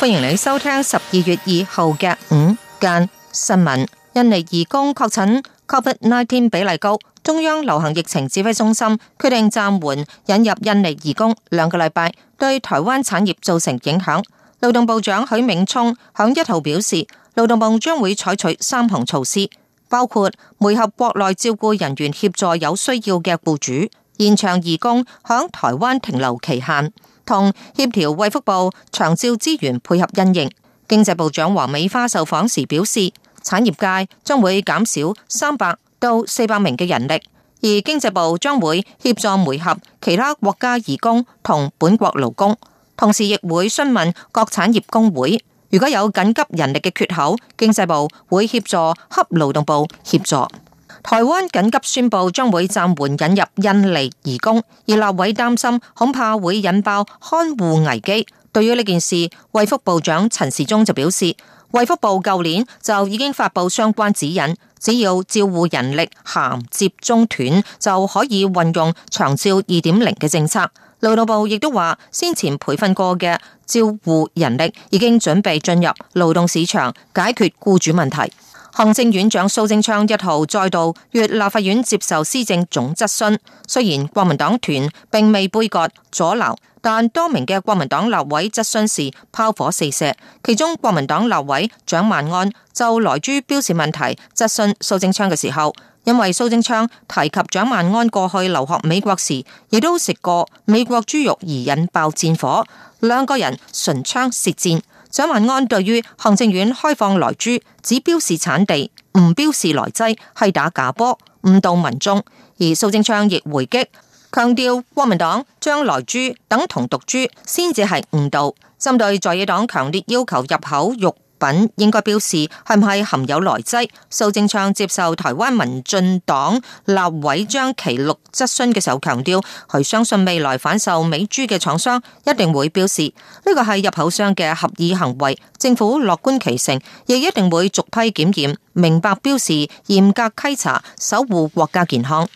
歡迎你收聽十二月二號嘅午間新聞。印尼移工確診 COVID-19 比例高，中央流行疫情指揮中心決定暫緩引入印尼移工兩個禮拜，對台灣產業造成影響。勞動部長許銘聰響一號表示，勞動部將會採取三項措施，包括配合國內照顧人員協助有需要嘅僱主延長移工響台灣停留期限。同協調衛福部、長照資源配合因應。經濟部長黃美花受訪時表示，產業界將會減少三百到四百名嘅人力，而經濟部將會協助媒合其他國家移工同本國勞工，同時亦會詢問各產業工會，如果有緊急人力嘅缺口，經濟部會協助洽勞動部協助。台灣緊急宣布將會暫緩引入印尼移工，而立委擔心恐怕會引爆看護危機。對於呢件事，衛福部長陳時中就表示，衛福部舊年就已經發布相關指引，只要照護人力銜接中斷，就可以運用長照二點零嘅政策。勞動部亦都話，先前培訓過嘅照護人力已經準備進入勞動市場，解決僱主問題。行政院長蘇貞昌一號再度越立法院接受施政總質詢，雖然國民黨團並未杯葛阻撓，但多名嘅國民黨立委質詢時拋火四射，其中國民黨立委蔣萬安就萊豬標示問題質詢蘇貞昌嘅時候，因為蘇貞昌提及蔣萬安過去留學美國時，亦都食過美國豬肉而引爆戰火，兩個人唇槍舌戰。蔣萬安對於行政院開放萊豬，只標示產地，唔標示萊劑，係打假波，誤導民眾。而蘇貞昌亦回擊，強調國民黨將萊豬等同毒豬，先至係誤導。針對在野黨強烈要求入口肉。品應該標示係唔係含有萊劑？蘇貞昌接受台灣民進黨立委張其祿質詢嘅時候，強調佢相信未來販售美豬嘅廠商一定會標示呢個係入口商嘅合意行為，政府樂觀其成，亦一定會逐批檢驗，明白標示，嚴格稽查，守護國家健康。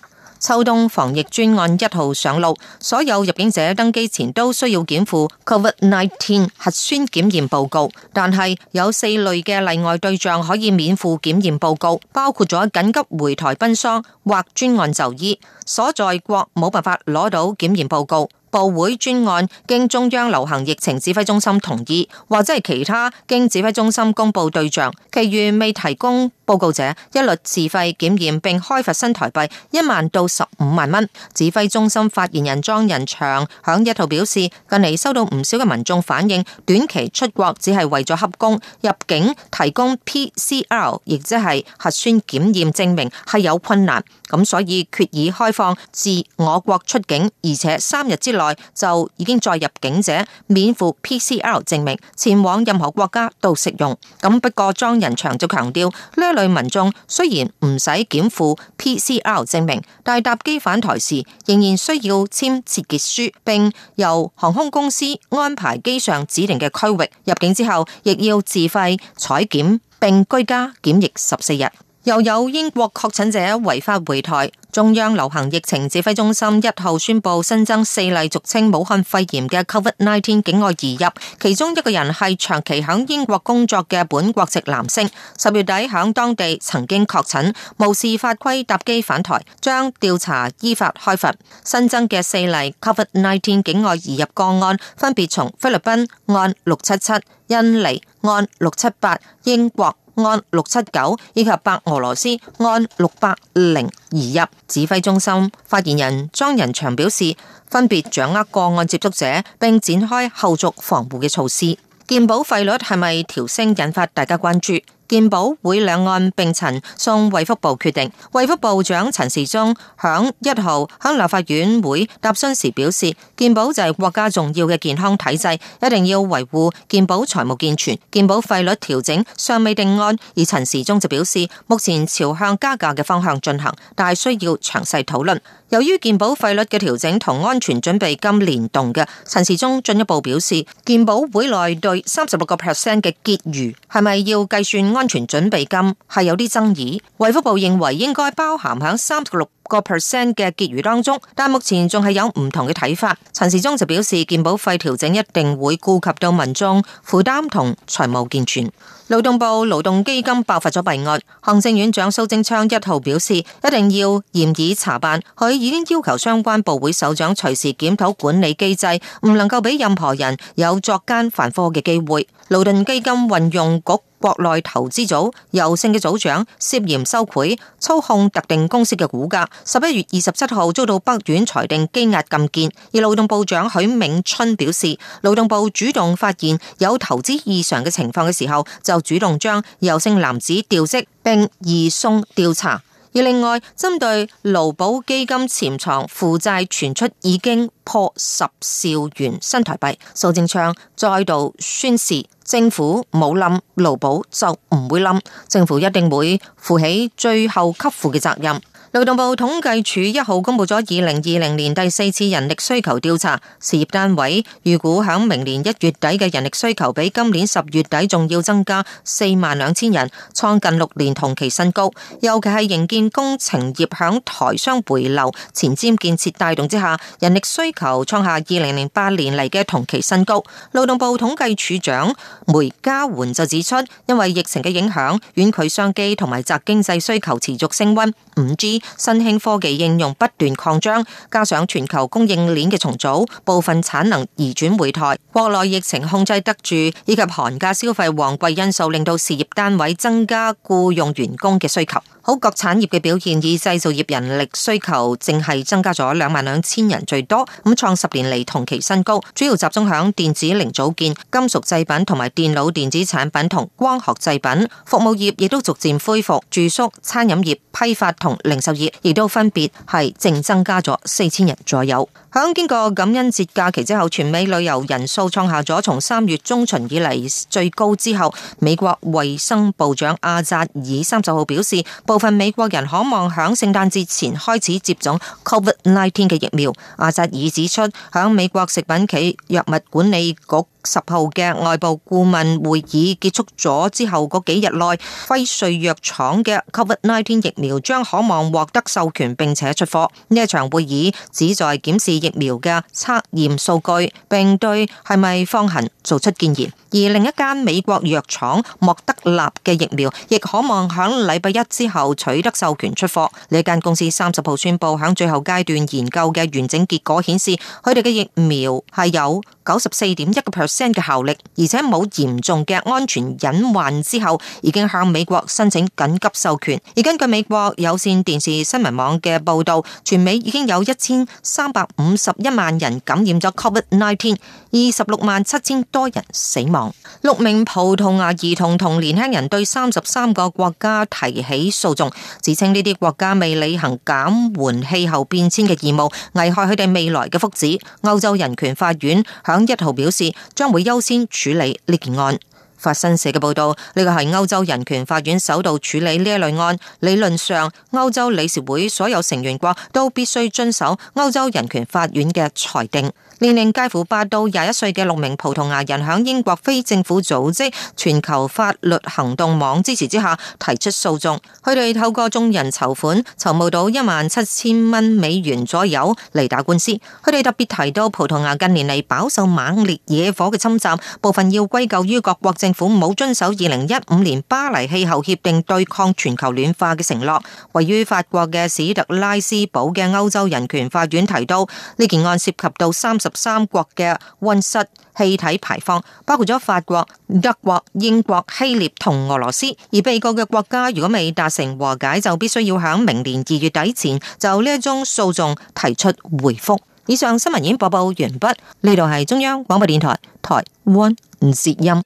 秋冬防疫專案一號上路，所有入境者登機前都需要檢附 COVID-19 核酸檢驗報告，但係有四類嘅例外對象可以免附檢驗報告，包括咗緊急回台奔喪或專案就醫，所在國冇辦法攞到檢驗報告。部會專案經中央流行疫情指揮中心同意，或者係其他經指揮中心公布對象，其餘未提供報告者一律自費檢驗，並開罰新台幣一萬到十五萬蚊。指揮中心發言人莊人祥響一早表示，近嚟，收到唔少嘅民眾反映，短期出國只係為咗合工入境提供 PCR，亦即係核酸檢驗證明係有困難，咁所以決議開放自我國出境，而且三日之內。.就已經再入境者免付 PCR 證明，前往任何國家都適用咁。不過莊人祥就強調，呢一類民眾雖然唔使檢附 PCR 證明，但搭機返台時仍然需要簽切結書，並由航空公司安排機上指定嘅區域入境之後，亦要自費採檢，並居家檢疫十四日。又有英國確診者違法回台，中央流行疫情指揮中心一號宣布新增四例俗稱武漢肺炎嘅 COVID-19 境外移入，其中一個人係長期響英國工作嘅本國籍男性，十月底響當地曾經確診，無視法規搭機返台，將調查依法開罰。新增嘅四例 COVID-19 境外移入個案，分別從菲律賓案六七七、印尼案六七八、英國。案六七九，以及白俄羅斯案六八零移入。指揮中心發言人莊仁祥表示，分別掌握個案接觸者，並展開後續防護嘅措施。健保費率係咪調升，引發大家關注？健保會兩案並陳送衛福部決定，衛福部長陳時中響一號響立法院會答詢時表示，健保就係國家重要嘅健康體制，一定要維護健保財務健全，健保費率調整尚未定案。而陳時中就表示，目前朝向加價嘅方向進行，但係需要詳細討論。由於健保費率嘅調整同安全準備金聯動嘅，陳時中進一步表示，健保會內對三十六個 percent 嘅結餘係咪要計算安？安全準備金，係有啲爭議，衛福部認為應該包含響三十六個 percent 嘅結餘當中，但目前仲係有唔同嘅睇法。陳時中就表示，健保費調整一定會顧及到民眾負擔同財務健全。勞動部勞動基金爆發咗弊案，行政院長蘇貞昌一號表示，一定要嚴以查辦，佢已經要求相關部會首長隨時檢討管理機制，唔能夠俾任何人有作奸犯科嘅機會。勞動基金運用局國內投資組游姓嘅組長涉嫌收賄，操控特定公司嘅股價。十一月二十七號遭到北院裁定，羈押禁見。而勞動部長許銘春表示，勞動部主動發現有投資異常嘅情況嘅時候，就主動將柔姓男子調職並移送調查。而另外，針對勞保基金潛藏負債傳出已經破十兆元新台幣，蘇貞昌再度宣示政府冇冧勞保就唔會冧，政府一定會負起最後給付嘅責任。勞動部統計處一號公布咗二零二零年第四次人力需求調查，事業單位預估響明年一月底嘅人力需求比今年十月底仲要增加四萬兩千人，創近六年同期新高。尤其係營建工程業響台商回流、前瞻建設帶動之下，人力需求創下二零零八年嚟嘅同期新高。勞動部統計處長梅家桓就指出，因為疫情嘅影響、遠距商機同埋宅經濟需求持續升温，五 G。新興科技應用不斷擴張，加上全球供應鏈嘅重組，部分產能移轉回台。國內疫情控制得住，以及寒假消費旺季因素，令到事業單位增加僱用員工嘅需求。好，各產業嘅表現，以製造業人力需求淨係增加咗兩萬兩千人最多，咁創十年嚟，同期新高。主要集中響電子零組件、金屬製品同埋電腦電子產品同光學製品。服務業亦都逐漸恢復，住宿、餐飲業、批發同零售。業而都分別係淨增加咗四千人左右。響經過感恩節假期之後，全美旅遊人數創下咗從三月中旬以嚟最高之後，美國衛生部長阿扎爾三十號表示，部分美國人可望響聖誕節前開始接種 COVID-19 嘅疫苗。阿扎爾指出，響美國食品暨藥物管理局。十號嘅外部顧問會議結束咗之後，嗰幾日內輝瑞藥廠嘅 COVID-19 疫苗將可望獲得授權並且出貨。呢一場會議旨在檢視疫苗嘅測驗數據，並對係咪放行做出建議。而另一間美國藥廠莫德納嘅疫苗亦可望響禮拜一之後取得授權出貨。呢間公司三十號宣布響最後階段研究嘅完整結果顯示，佢哋嘅疫苗係有九十四點一個 percent。嘅效力，而且冇嚴重嘅安全隱患之後，已經向美國申請緊急授權。而根據美國有線電視新聞網嘅報導，全美已經有一千三百五十一萬人感染咗 COVID-19。19, 二十六萬七千多人死亡。六名葡萄牙兒童同年輕人對三十三個國家提起訴訟，自稱呢啲國家未履行減緩氣候變遷嘅義務，危害佢哋未來嘅福祉。歐洲人權法院響一號表示，將會優先處理呢件案。法新社嘅報道，呢個係歐洲人權法院首度處理呢一類案。理論上，歐洲理事會所有成員國都必須遵守歐洲人權法院嘅裁定。年齡介乎八到廿一歲嘅六名葡萄牙人，喺英國非政府組織全球法律行動網支持之下提出訴訟。佢哋透過眾人籌款，籌募到一萬七千蚊美元左右嚟打官司。佢哋特別提到葡萄牙近年嚟飽受猛烈野火嘅侵襲，部分要歸咎於各國政府冇遵守二零一五年巴黎氣候協定對抗全球暖化嘅承諾。位於法國嘅史特拉斯堡嘅歐洲人權法院提到，呢件案涉及到三十。三國嘅溫室氣體排放包括咗法國、德國、英國、希臘同俄羅斯，而被告嘅國家如果未達成和解，就必須要喺明年二月底前就呢一宗訴訟提出回覆。以上新聞已經播報完畢，呢度係中央廣播電台台灣之音。